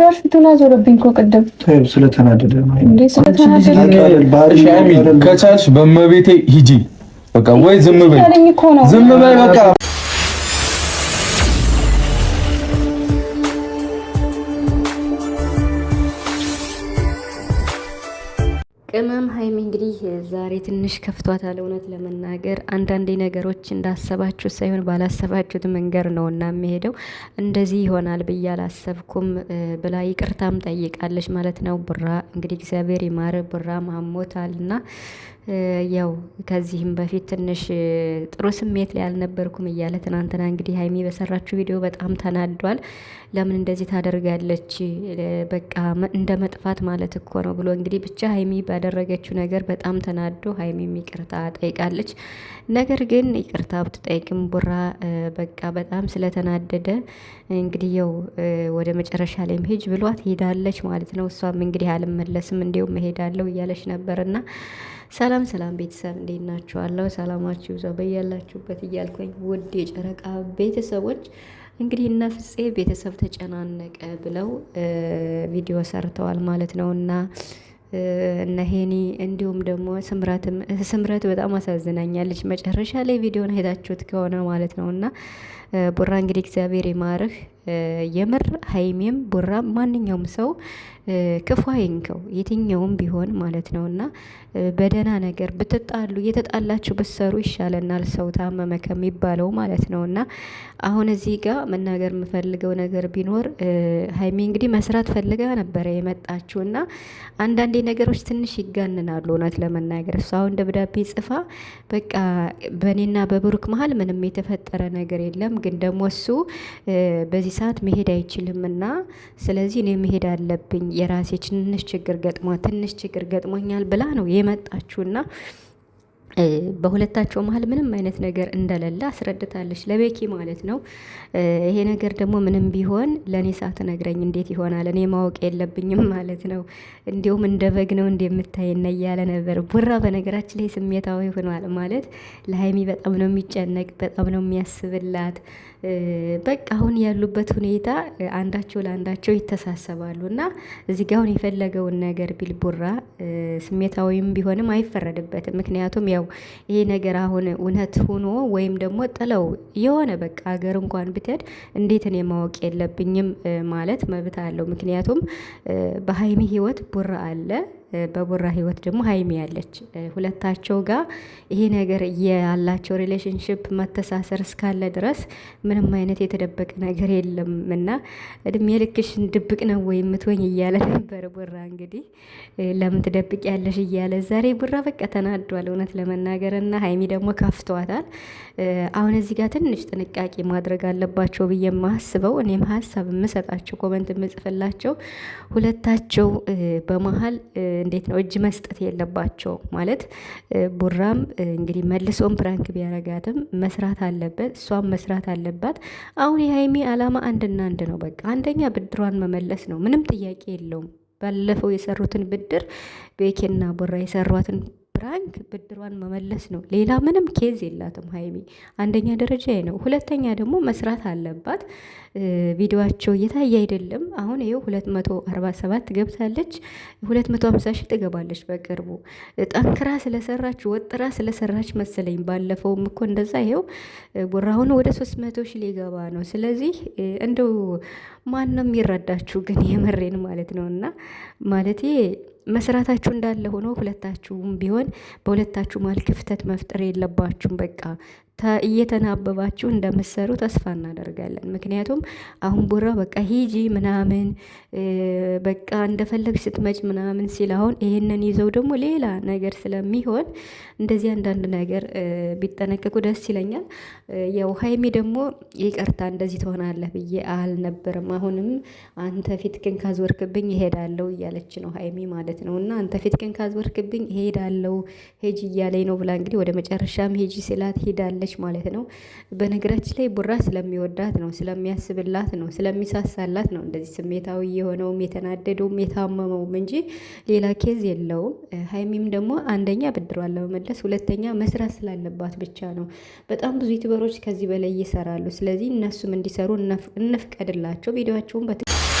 ጭራሽ ፊቱን አዞረብኝ እኮ ቅድም ስለተናደደ ከቻልሽ በመቤቴ ሂጂ በቃ ወይ ዝም በይ ዝም በይ በቃ ቅመም ሀይሚ እንግዲህ ዛሬ ትንሽ ከፍቷታል። እውነት ለመናገር አንዳንዴ ነገሮች እንዳሰባችሁ ሳይሆን ባላሰባችሁት መንገድ ነው እና የሚሄደው እንደዚህ ይሆናል ብዬ አላሰብኩም ብላ ይቅርታም ጠይቃለች ማለት ነው። ብራ እንግዲህ እግዚአብሔር ይማር ብራ ማሞታል ማሞታልና ያው ከዚህም በፊት ትንሽ ጥሩ ስሜት ላይ አልነበርኩም እያለ ትናንትና እንግዲህ ሀይሚ በሰራችው ቪዲዮ በጣም ተናዷል። ለምን እንደዚህ ታደርጋለች? በቃ እንደ መጥፋት ማለት እኮ ነው ብሎ እንግዲህ ብቻ ሀይሚ ባደረገችው ነገር በጣም ተናዶ ሀይሚ ይቅርታ ጠይቃለች። ነገር ግን ይቅርታ ብትጠይቅም ቡራ በቃ በጣም ስለተናደደ እንግዲህ ያው ወደ መጨረሻ ላይም ሂጅ ብሏት ሄዳለች ማለት ነው። እሷም እንግዲህ አልመለስም እንዲሁም እሄዳለሁ እያለች ነበርና ሰላም ሰላም ቤተሰብ እንዴት ናችኋለሁ? ሰላማችሁ ይብዛ በያላችሁበት እያልኩኝ ውድ የጨረቃ ቤተሰቦች እንግዲህ እነ ፍፄ ቤተሰብ ተጨናነቀ ብለው ቪዲዮ ሰርተዋል ማለት ነው እና እነ ሄኒ እንዲሁም ደግሞ ስምረትም ስምረት በጣም አሳዝናኛለች። መጨረሻ ላይ ቪዲዮን ሄዳችሁት ከሆነ ማለት ነው እና ቡራ እንግዲህ እግዚአብሔር ይማርህ። የምር ሀይሜም ቡራ ማንኛውም ሰው ክፉ አይንከው፣ የትኛውም ቢሆን ማለት ነው እና በደህና ነገር ብትጣሉ እየተጣላችሁ ብትሰሩ ይሻለናል፣ ሰው ታመመ ከሚባለው ማለት ነው እና አሁን እዚህ ጋር መናገር የምፈልገው ነገር ቢኖር ሀይሜ እንግዲህ መስራት ፈልጋ ነበረ የመጣችሁ እና አንዳንዴ ነገሮች ትንሽ ይጋንናሉ። እውነት ለመናገር እሱ አሁን ደብዳቤ ጽፋ በቃ በእኔና በብሩክ መሀል ምንም የተፈጠረ ነገር የለም ግን ደግሞ እሱ በዚህ ሰዓት መሄድ አይችልምና ስለዚህ እኔ መሄድ አለብኝ የራሴ ትንሽ ችግር ገጥሞ ትንሽ ችግር ገጥሞኛል ብላ ነው የመጣችሁና በሁለታቸው መሀል ምንም አይነት ነገር እንደሌለ አስረድታለች ለቤኪ ማለት ነው። ይሄ ነገር ደግሞ ምንም ቢሆን ለእኔ ሳትነግረኝ እንዴት ይሆናል? እኔ ማወቅ የለብኝም ማለት ነው። እንዲሁም እንደ በግ ነው እንደምታይና እያለ ነበር ቡራ። በነገራችን ላይ ስሜታዊ ሆኗል ማለት ለሀይሚ በጣም ነው የሚጨነቅ፣ በጣም ነው የሚያስብላት። በቃ አሁን ያሉበት ሁኔታ አንዳቸው ለአንዳቸው ይተሳሰባሉ እና እዚህ ጋ አሁን የፈለገውን ነገር ቢል ቡራ ስሜታዊም ቢሆንም አይፈረድበትም። ምክንያቱም ያው ይሄ ነገር አሁን እውነት ሆኖ ወይም ደግሞ ጥለው የሆነ በቃ ሀገር እንኳን ብትሄድ እንዴት እኔ ማወቅ የለብኝም ማለት መብት አለው። ምክንያቱም በሀይሚ ህይወት ቡራ አለ በቡራ ህይወት ደግሞ ሀይሚ ያለች ሁለታቸው ጋር ይሄ ነገር ያላቸው ሪሌሽንሽፕ መተሳሰር እስካለ ድረስ ምንም አይነት የተደበቀ ነገር የለም እና እድሜ ልክሽን ድብቅ ነው ወይ የምትወኝ እያለ ነበር ቡራ እንግዲህ ለምን ትደብቅ ያለሽ እያለ ዛሬ ቡራ በቃ ተናዷል እውነት ለመናገር እና ሀይሚ ደግሞ ከፍቷታል። አሁን እዚህ ጋር ትንሽ ጥንቃቄ ማድረግ አለባቸው ብዬ የማስበው እኔም ሀሳብ የምሰጣቸው ኮመንት የምጽፍላቸው ሁለታቸው በመሀል እንዴት ነው እጅ መስጠት የለባቸው ማለት ቡራም እንግዲህ መልሶን ፕራንክ ቢያረጋትም መስራት አለበት፣ እሷም መስራት አለባት። አሁን የሀይሚ አላማ አንድና አንድ ነው። በቃ አንደኛ ብድሯን መመለስ ነው። ምንም ጥያቄ የለውም። ባለፈው የሰሩትን ብድር ቤኬና ቡራ የሰሯትን ፕራንክ ብድሯን መመለስ ነው። ሌላ ምንም ኬዝ የላትም ሀይሚ። አንደኛ ደረጃ ነው። ሁለተኛ ደግሞ መስራት አለባት። ቪዲዮቸው እየታየ አይደለም። አሁን ይኸው 247 ገብታለች። 250 ሺህ ትገባለች በቅርቡ። ጠንክራ ስለሰራች ወጥራ ስለሰራች መሰለኝ። ባለፈውም እኮ እንደዛ ይኸው ቦራሁን ወደ 300 መቶ ሺህ ሊገባ ነው። ስለዚህ እንደው ማንም የሚረዳችሁ ግን የመሬን ማለት ነው እና ማለቴ መስራታችሁ እንዳለ ሆኖ ሁለታችሁም ቢሆን በሁለታችሁ መሀል ክፍተት መፍጠር የለባችሁም። በቃ እየተናበባችሁ እንደምትሰሩ ተስፋ እናደርጋለን። ምክንያቱም አሁን ቡራ በቃ ሂጂ ምናምን በቃ እንደፈለግሽ ስትመጭ ምናምን ሲል አሁን ይህንን ይዘው ደግሞ ሌላ ነገር ስለሚሆን እንደዚህ አንዳንድ ነገር ቢጠነቀቁ ደስ ይለኛል። ያው ሀይሚ ደግሞ ይቅርታ እንደዚህ ትሆናለህ ብዬ አልነበርም፣ አሁንም አንተ ፊትክን ካዝወርክብኝ ይሄዳለው እያለች ነው ሀይሚ ማለት ነው። እና አንተ ፊትክን ካዝወርክብኝ ይሄዳለው ሄጂ እያለኝ ነው ብላ እንግዲህ ወደ መጨረሻም ሄጂ ስላት ሄዳለች። ትገኛለች ማለት ነው። በነገራችን ላይ ቡራ ስለሚወዳት ነው፣ ስለሚያስብላት ነው፣ ስለሚሳሳላት ነው እንደዚህ ስሜታዊ የሆነውም የተናደደውም የታመመውም እንጂ ሌላ ኬዝ የለውም። ሀይሚም ደግሞ አንደኛ ብድሯን ለመመለስ፣ ሁለተኛ መስራት ስላለባት ብቻ ነው። በጣም ብዙ ዩቱበሮች ከዚህ በላይ ይሰራሉ። ስለዚህ እነሱም እንዲሰሩ እንፍቀድላቸው ቪዲዮቸውን